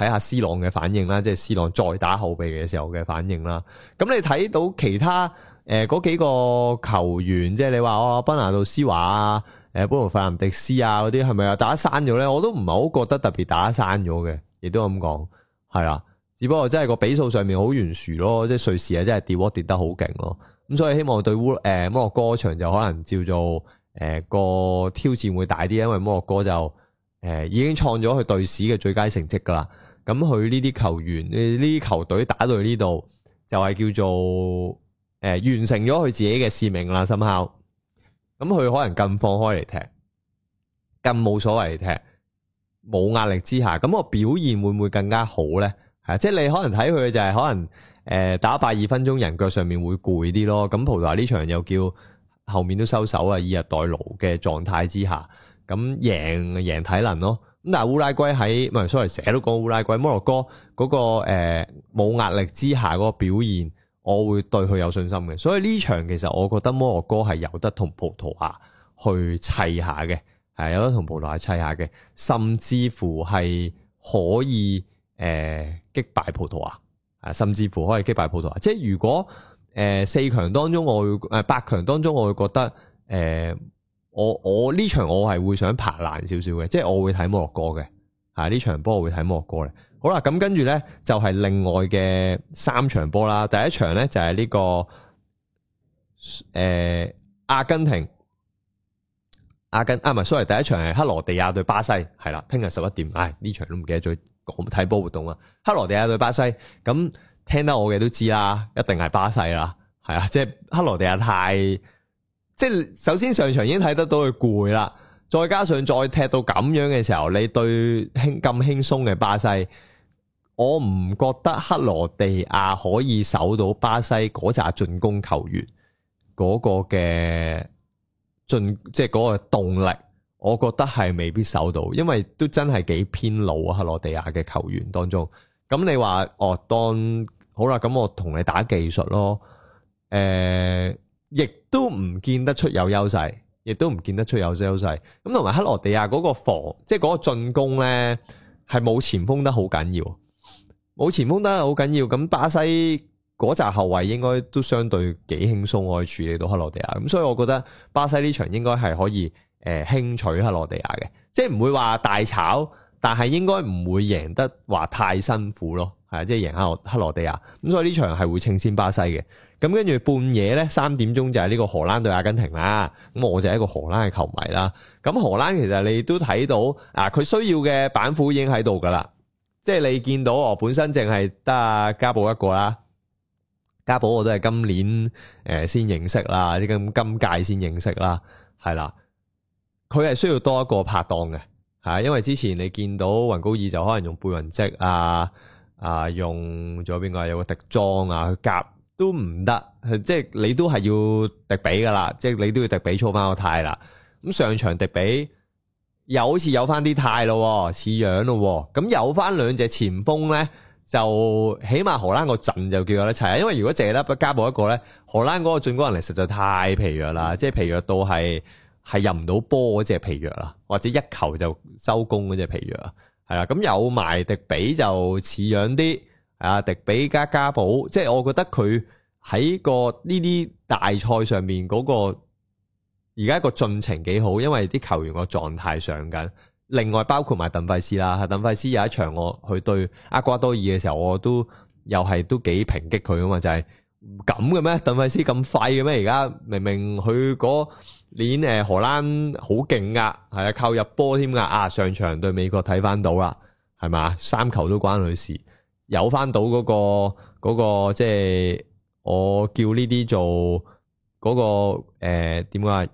Speaker 1: 睇下 C 朗嘅反應啦，即係 C 朗再打後備嘅時候嘅反應啦。咁你睇到其他誒嗰、呃、幾個球員，即係你話啊，賓、哦、拿道斯華啊，誒波洛費南迪斯啊嗰啲，係咪啊打散咗咧？我都唔係好覺得特別打散咗嘅，亦都咁講係啦。只不過真係個比數上面好懸殊咯，即係瑞士啊，真係跌落跌得好勁咯。咁所以希望對烏誒、呃、摩洛哥場就可能照做誒、呃、個挑戰會大啲，因為摩洛哥就誒、呃、已經創咗佢隊史嘅最佳成績㗎啦。咁佢呢啲球員呢啲、呃、球隊打到呢度，就係、是、叫做誒、呃、完成咗佢自己嘅使命啦。心口，咁佢可能更放開嚟踢，更冇所謂嚟踢，冇壓力之下，咁個表現會唔會更加好咧？係、啊、即係你可能睇佢就係可能誒、呃、打八二分鐘人腳上面會攰啲咯。咁葡萄牙呢場又叫後面都收手啊，以逸待勞嘅狀態之下，咁贏贏體能咯。咁但烏拉圭喺咪所 s 成日都講烏拉圭摩洛哥，嗰、那個誒冇壓力之下嗰個表現，我會對佢有信心嘅。所以呢場其實我覺得摩洛哥係有得同葡萄牙去砌下嘅，係有得同葡萄牙砌下嘅，甚至乎係可以誒擊、呃，敗葡萄牙啊，甚至乎可以擊敗葡萄牙。即係如果誒、呃、四強當中我會誒、呃、八強當中我會覺得誒。呃我我呢場我係會想爬爛少少嘅，即係我會睇摩洛哥嘅，嚇呢場波我會睇摩洛哥嘅。好啦，咁跟住呢，就係另外嘅三場波啦。第一場呢，就係呢個誒阿根廷，阿根啊唔係，sorry，第一場係克羅地亞對巴西，係啦，聽日十一點。唉，呢場都唔記得再講睇波活動啊。克羅地亞對巴西，咁聽得我嘅都知啦，一定係巴西啦，係啊，即係克羅地亞太。即係首先上場已經睇得到佢攰啦，再加上再踢到咁樣嘅時候，你對輕咁輕鬆嘅巴西，我唔覺得克羅地亞可以守到巴西嗰扎進攻球員嗰個嘅進，即係嗰個動力，我覺得係未必守到，因為都真係幾偏老啊。克羅地亞嘅球員當中，咁、嗯、你話哦，當好啦，咁我同你打技術咯，誒、呃。亦都唔見得出有優勢，亦都唔見得出有優勢。咁同埋克羅地亞嗰個防，即係嗰個進攻呢，係冇前鋒得好緊要，冇前鋒得好緊要。咁巴西嗰扎後衛應該都相對幾輕鬆，可以處理到克羅地亞。咁所以我覺得巴西呢場應該係可以誒輕取克羅地亞嘅，即係唔會話大炒，但係應該唔會贏得話太辛苦咯。係即係贏下克羅地亞。咁所以呢場係會稱先巴西嘅。咁跟住半夜咧，三點鐘就係呢個荷蘭對阿根廷啦。咁我就係一個荷蘭嘅球迷啦。咁荷蘭其實你都睇到啊，佢需要嘅板斧已經喺度噶啦。即係你見到我本身淨係得阿加布一個啦。加布我都係今年誒、呃、先認識啦，依今今屆先認識啦，係啦。佢係需要多一個拍檔嘅，係、啊、因為之前你見到雲高爾就可能用背雲積啊，啊用咗邊個？有個迪莊啊，佢都唔得，即係你都係要迪比噶啦，即係你都要迪比操翻個態啦。咁上場迪比又好似有翻啲態咯，似樣咯。咁有翻兩隻前鋒呢，就起碼荷蘭個陣就叫佢一齊啊。因為如果淨係得加布一個呢，荷蘭嗰個進攻能力實在太疲弱啦，即係疲弱到係係入唔到波嗰隻疲弱啦，或者一球就收工嗰隻疲弱啊。係啊，咁有埋迪比就似樣啲。阿迪比加加保，即係我覺得佢喺個呢啲大賽上面嗰個而家個進程幾好，因為啲球員個狀態上緊。另外包括埋鄧費斯啦，鄧費斯有一場我去對阿瓜多爾嘅時候，我都又係都幾平擊佢啊嘛，就係咁嘅咩？鄧費斯咁廢嘅咩？而家明明佢嗰年誒荷蘭好勁噶，係啊，扣入波添噶，啊上場對美國睇翻到啦，係嘛，三球都關佢事。有翻到嗰、嗰個即係、嗰個、我叫呢啲做嗰、嗰個誒點講啊，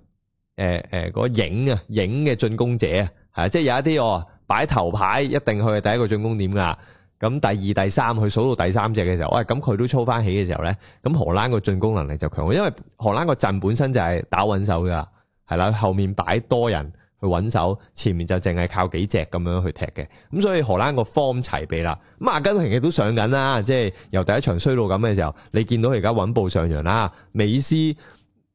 Speaker 1: 誒誒嗰影啊影嘅進攻者啊係即係有一啲哦擺頭牌一定去第一個進攻點㗎，咁第二第三去數到第三隻嘅時候，哇咁佢都操翻起嘅時候咧，咁荷蘭個進攻能力就強，因為荷蘭個陣本身就係打穩手㗎，係啦，後面擺多人。穩手前面就淨係靠幾隻咁樣去踢嘅，咁所以荷蘭個 form 齊備啦。咁阿根廷亦都上緊啦，即係由第一場衰到咁嘅時候，你見到而家穩步上揚啦。美斯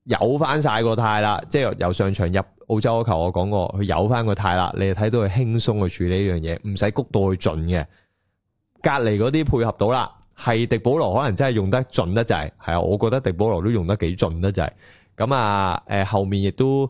Speaker 1: 有翻晒個態啦，即係由上場入澳洲嗰球我講，我講過佢有翻個態啦。你睇到佢輕鬆去處理呢樣嘢，唔使谷到去盡嘅。隔籬嗰啲配合到啦，係迪保羅可能真係用得盡得滯，係啊，我覺得迪保羅都用得幾盡得滯。咁啊，誒後面亦都。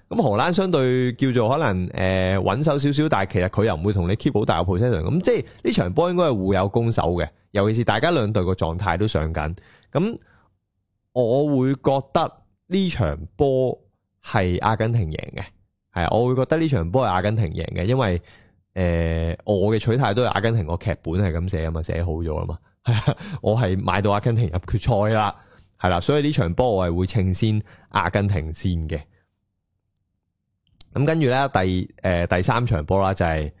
Speaker 1: 咁荷蘭相對叫做可能誒穩守少少，但係其實佢又唔會同你 keep 好大個 position。咁、嗯、即係呢場波應該係互有攻守嘅，尤其是大家兩隊個狀態都上緊。咁、嗯、我會覺得呢場波係阿根廷贏嘅，係，我會覺得呢場波係阿根廷贏嘅，因為誒、呃、我嘅取態都係阿根廷個劇本係咁寫啊嘛，寫好咗啦嘛，係啊，我係買到阿根廷入決賽啦，係啦，所以呢場波我係會稱先阿根廷先嘅。咁跟住咧，第誒、呃、第三場波啦，就係、是、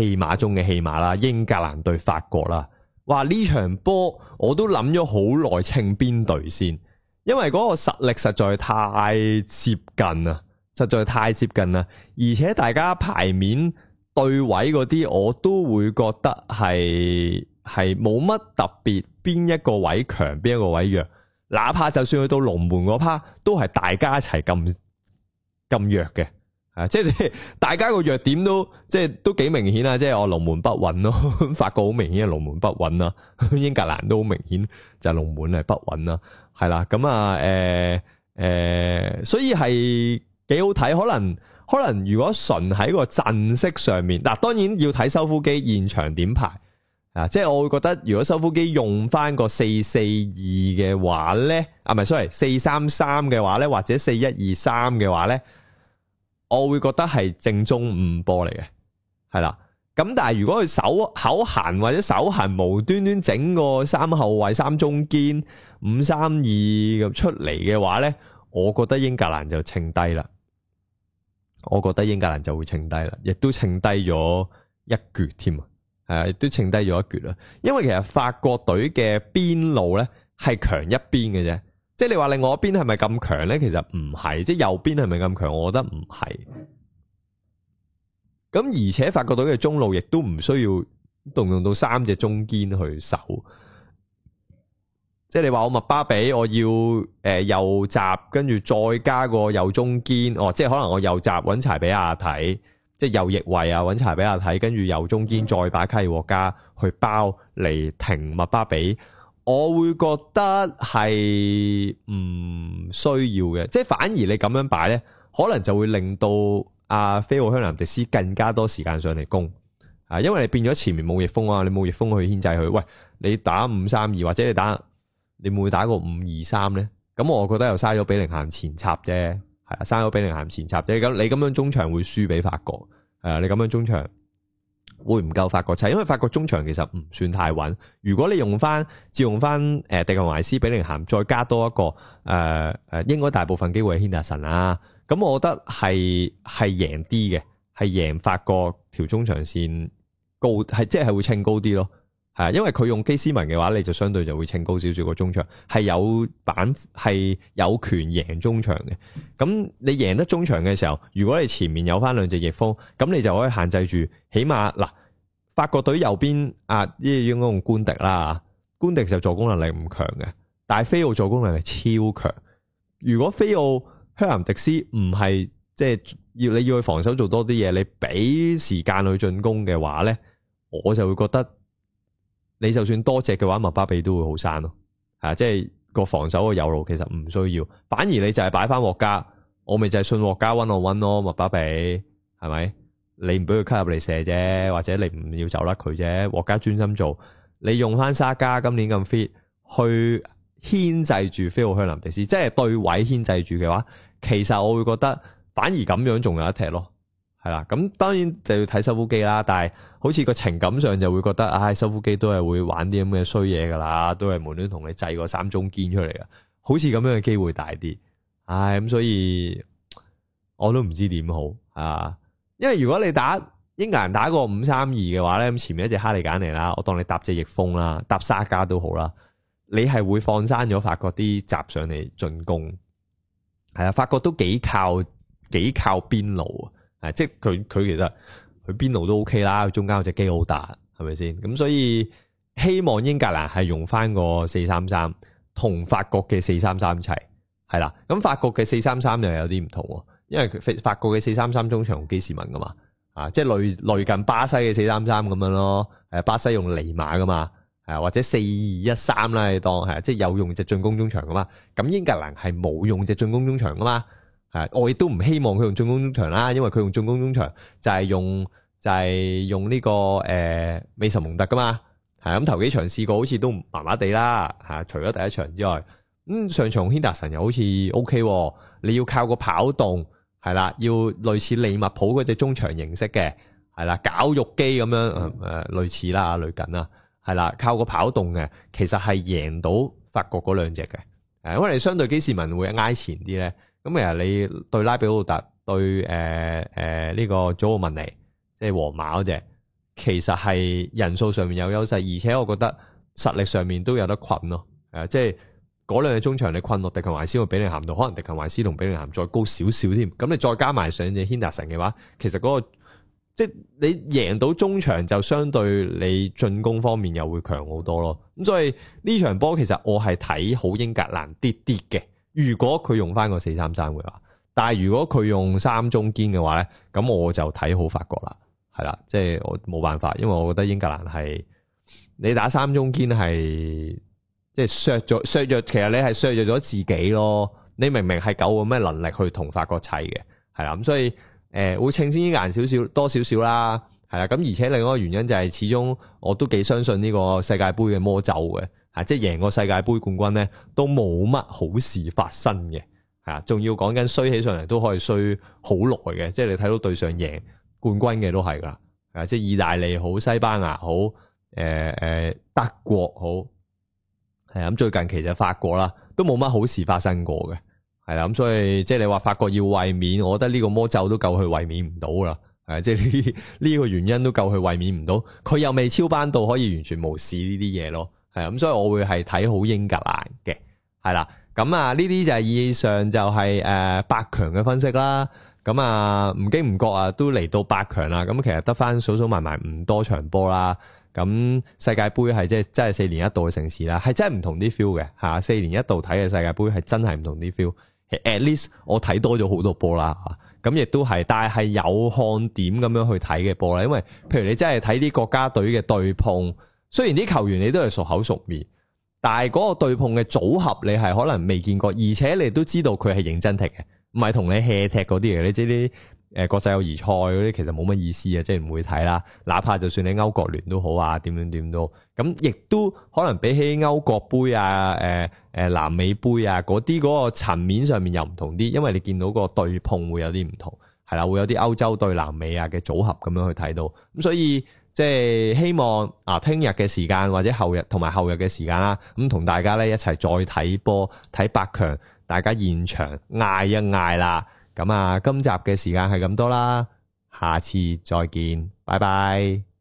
Speaker 1: 戲馬中嘅戲馬啦，英格蘭對法國啦。哇！呢場波我都諗咗好耐，稱邊隊先，因為嗰個實力實在太接近啊，實在太接近啦。而且大家排面對位嗰啲，我都會覺得係係冇乜特別，邊一個位強，邊一個位弱。哪怕就算去到龍門嗰趴，都係大家一齊咁咁弱嘅。啊，即係大家個弱點都即係都幾明顯啊！即係我龍門不穩咯，發覺好明顯係龍門不穩啦。英格蘭都好明顯就係龍門係不穩啦，係啦。咁啊，誒、呃、誒、呃，所以係幾好睇。可能可能如果純喺個陣式上面，嗱，當然要睇修夫基現場點排啊。即係我會覺得，如果修夫基用翻個四四二嘅話呢，啊唔係 sorry，四三三嘅話呢，或者四一二三嘅話呢？我會覺得係正宗五波嚟嘅，係啦。咁但係如果佢手口行或者手行無端端整個三後衛、三中堅、五三二咁出嚟嘅話呢，我覺得英格蘭就稱低啦。我覺得英格蘭就，就會稱低啦，亦都稱低咗一橛添啊，係啊，亦都稱低咗一橛啦。因為其實法國隊嘅邊路呢，係強一邊嘅啫。即係你話另外一邊係咪咁強咧？其實唔係，即係右邊係咪咁強？我覺得唔係。咁而且發覺到嘅中路亦都唔需要動用到三隻中堅去守。即係你話我麥巴比，我要誒右閘，跟住再加個右中堅。哦，即係可能我右閘揾柴比亞睇，即係右翼位啊揾柴比亞睇，跟住右中堅再把卡爾獲加去包嚟，停麥巴比。我會覺得係唔需要嘅，即係反而你咁樣擺呢，可能就會令到阿、啊、菲奧香拿迪斯更加多時間上嚟攻，啊，因為你變咗前面冇逆風啊，你冇逆風去牽制佢，喂，你打五三二或者你打，你會唔會打個五二三呢？咁我覺得又嘥咗比寧咸前插啫，係啊，嘥咗比寧咸前插啫，咁你咁樣中場會輸俾法國，係啊，你咁樣中場。會唔夠法國砌，因為法國中場其實唔算太穩。如果你用翻，照用翻，誒，迪克賴斯比凌咸，再加多一個，誒，誒，應該大部分機會係希達臣啊。咁我覺得係係贏啲嘅，係贏法國條中場線高，係即係會稱高啲咯。係因為佢用基斯文嘅話，你就相對就會清高少少個中場，係有板，係有權贏中場嘅。咁你贏得中場嘅時候，如果你前面有返兩隻翼鋒，咁你就可以限制住。起碼嗱，法國隊右邊啊，呢、這個、應該用官迪啦，官迪就助攻能力唔強嘅，但係菲奧助攻能力超強。如果菲奧香蘭迪斯唔係即係要你要去防守做多啲嘢，你俾時間去進攻嘅話呢，我就會覺得。你就算多隻嘅話，麥巴比都會好散咯，吓、啊、即係個防守嘅右路其實唔需要，反而你就係擺翻霍家。我咪就係信霍家溫我溫咯，麥巴比係咪？你唔俾佢 cut 入嚟射啫，或者你唔要走甩佢啫，霍家專心做，你用翻沙加今年咁 fit 去牽制住菲奧克林迪斯，即係對位牽制住嘅話，其實我會覺得反而咁樣仲有一踢咯。係啦，咁、嗯、當然就要睇修夫基啦。但係好似個情感上就會覺得，唉，修夫基都係會玩啲咁嘅衰嘢噶啦，都係無端同你製個三中堅出嚟嘅，好似咁樣嘅機會大啲。唉，咁、嗯、所以我都唔知點好啊。因為如果你打英格蘭打過五三二嘅話呢，咁、嗯、前面一隻哈利簡尼啦，我當你搭隻翼鋒啦，搭沙卡都好啦，你係會放生咗法國啲閘上嚟進攻係啊。法國都幾靠幾靠邊路啊。誒，即係佢佢其實佢邊路都 OK 啦，佢中間有隻機好大，係咪先？咁所以希望英格蘭係用翻個四三三，同法國嘅四三三齊，係啦。咁法國嘅四三三又有啲唔同喎，因為法法國嘅四三三中場用基士文噶嘛，啊，即係類類近巴西嘅四三三咁樣咯。誒，巴西用尼馬噶嘛，係或者四二一三啦，你當係即係有用隻進攻中場噶嘛。咁英格蘭係冇用隻進攻中場噶嘛。係，我亦都唔希望佢用進攻中場啦，因為佢用進攻中場就係用就係、是、用呢、這個誒、呃、美神蒙特㗎嘛，係咁頭幾場試過好似都麻麻地啦，嚇除咗第一場之外，咁、嗯、上場軒達臣又好似 O K 喎，你要靠個跑動係啦，要類似利物浦嗰隻中場形式嘅係啦，搞肉機咁樣誒、嗯、類似啦類緊啦，係啦靠個跑動嘅，其實係贏到法國嗰兩隻嘅，誒可能相對基士文會挨前啲咧。咁其實你對拉比奧特對誒誒呢個祖奧文尼，即係皇馬嗰隻，其實係人數上面有優勢，而且我覺得實力上面都有得困咯。誒、呃，即係嗰兩隻中場你困落迪琴懷斯，會比你咸度可能迪琴懷斯同比利咸再高少少添。咁你再加埋上隻亨達臣嘅話，其實嗰、那個即係你贏到中場就相對你進攻方面又會強好多咯。咁所以呢場波其實我係睇好英格蘭啲啲嘅。低低如果佢用翻個四三三嘅話，但係如果佢用三中堅嘅話呢，咁我就睇好法國啦，係啦，即係我冇辦法，因為我覺得英格蘭係你打三中堅係即係削弱削弱，其實你係削弱咗自己咯，你明明係有咁嘅能力去同法國砌嘅，係啦，咁所以誒、呃、會稱先英格蘭少少多少少啦，係啦，咁而且另外一個原因就係始終我都幾相信呢個世界盃嘅魔咒嘅。啊！即係贏個世界盃冠軍咧，都冇乜好事發生嘅，係仲要講緊衰起上嚟都可以衰好耐嘅。即係你睇到對上贏冠軍嘅都係㗎，係啊，即係意大利好、西班牙好、誒、呃、誒德國好，係啊。咁最近其實就法國啦，都冇乜好事發生過嘅，係啦。咁所以即係你話法國要衛冕，我覺得呢個魔咒都夠佢衛冕唔到啦，係即係呢個原因都夠佢衛冕唔到，佢又未超班到可以完全無視呢啲嘢咯。係咁、嗯，所以我會係睇好英格蘭嘅，係啦。咁、嗯、啊，呢啲就係以上就係、是、誒、呃、八強嘅分析啦。咁、嗯、啊，唔、嗯、經唔覺啊，都嚟到八強啦。咁、嗯、其實得翻數數埋埋唔多場波啦。咁、嗯、世界盃係即係真係四年一度嘅盛事啦，係真係唔同啲 feel 嘅。係、啊、四年一度睇嘅世界盃係真係唔同啲 feel。At least 我睇多咗好多波啦。咁亦都係，但係有看點咁樣去睇嘅波啦。因為譬如你真係睇啲國家隊嘅對碰。雖然啲球員你都係熟口熟面，但係嗰個對碰嘅組合你係可能未見過，而且你都知道佢係認真踢嘅，唔係同你 hea 踢嗰啲嘅。你知啲誒國際友誼賽嗰啲其實冇乜意思啊，即係唔會睇啦。哪怕就算你歐國聯都好啊，點點點都咁，亦都可能比起歐國盃啊、誒、呃、誒、呃、南美盃啊，嗰啲嗰個層面上面又唔同啲，因為你見到個對碰會有啲唔同，係啦會有啲歐洲對南美啊嘅組合咁樣去睇到，咁所以。即係希望啊，聽日嘅時間或者後日同埋後日嘅時間啦，咁同大家咧一齊再睇波，睇八強，大家現場嗌一嗌啦。咁啊，今集嘅時間係咁多啦，下次再見，拜拜。